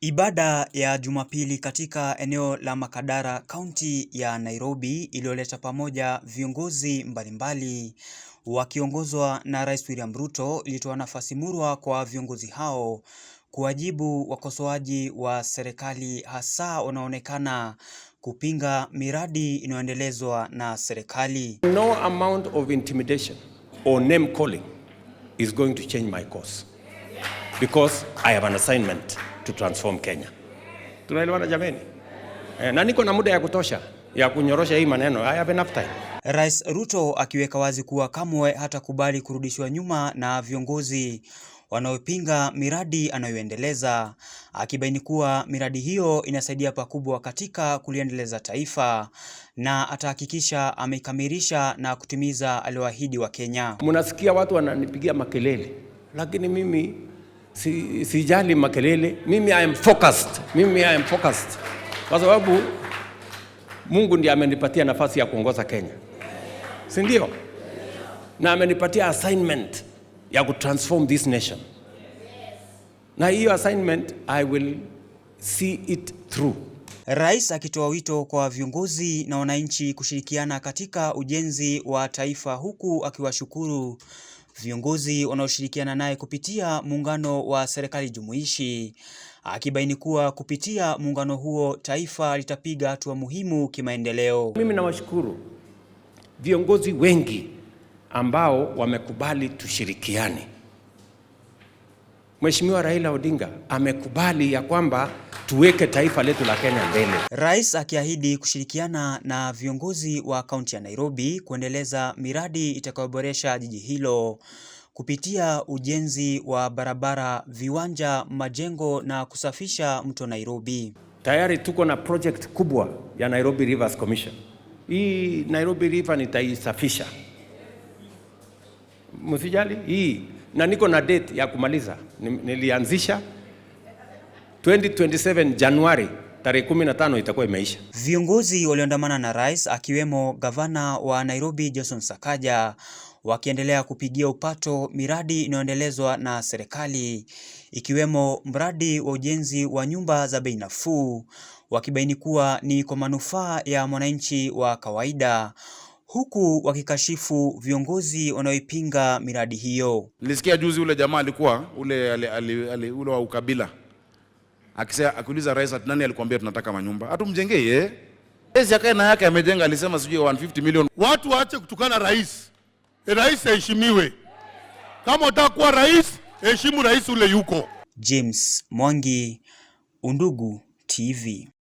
Ibada ya Jumapili katika eneo la Makadara kaunti ya Nairobi iliyoleta pamoja viongozi mbalimbali wakiongozwa na Rais William Ruto ilitoa nafasi murwa kwa viongozi hao kuwajibu wakosoaji wa serikali hasa wanaonekana kupinga miradi inayoendelezwa na serikali. No amount of intimidation or name calling is going to change my course because I have an assignment to transform Kenya. Tunaelewana jameni? Eh, na niko na muda ya kutosha ya kunyorosha hii maneno. I have enough time. Rais Ruto akiweka wazi kuwa kamwe hatakubali kurudishwa nyuma na viongozi wanaopinga miradi anayoendeleza, akibaini kuwa miradi hiyo inasaidia pakubwa katika kuliendeleza taifa na atahakikisha amekamilisha na kutimiza alioahidi wa Kenya. munasikia watu wananipigia makelele, lakini mimi si, sijali makelele, mimi I am focused, mimi I am focused kwa sababu Mungu ndiye amenipatia nafasi ya kuongoza Kenya, si ndio? Na amenipatia assignment ya kutransform this nation, na hiyo assignment I will see it through. Rais akitoa wito kwa viongozi na wananchi kushirikiana katika ujenzi wa taifa huku akiwashukuru viongozi wanaoshirikiana naye kupitia muungano wa serikali jumuishi, akibaini kuwa kupitia muungano huo taifa litapiga hatua muhimu kimaendeleo. Mimi nawashukuru viongozi wengi ambao wamekubali tushirikiane Mheshimiwa Raila Odinga amekubali ya kwamba tuweke taifa letu la Kenya mbele. Rais akiahidi kushirikiana na viongozi wa kaunti ya Nairobi kuendeleza miradi itakayoboresha jiji hilo kupitia ujenzi wa barabara, viwanja, majengo na kusafisha mto Nairobi. Tayari tuko na project kubwa ya Nairobi Rivers Commission. Hii Nairobi River nitaisafisha. Msijali hii na niko na date ya kumaliza. Nilianzisha 2027 Januari tarehe 15 itakuwa imeisha. Viongozi walioandamana na rais akiwemo gavana wa Nairobi Johnson Sakaja wakiendelea kupigia upato miradi inayoendelezwa na serikali ikiwemo mradi wa ujenzi wa nyumba za bei nafuu, wakibaini kuwa ni kwa manufaa ya mwananchi wa kawaida huku wakikashifu viongozi wanaoipinga miradi hiyo. Nilisikia juzi ule jamaa alikuwa ule ali, ali, ali, ule wa ukabila akisema, akiuliza rais, ati nani alikwambia tunataka manyumba hatumjengee ye Ezi akae na yake amejenga, alisema sijui 150 million. Watu waache kutukana rais. E, rais aheshimiwe. Kama utakuwa rais, heshimu rais ule yuko. James Mwangi, Undugu TV.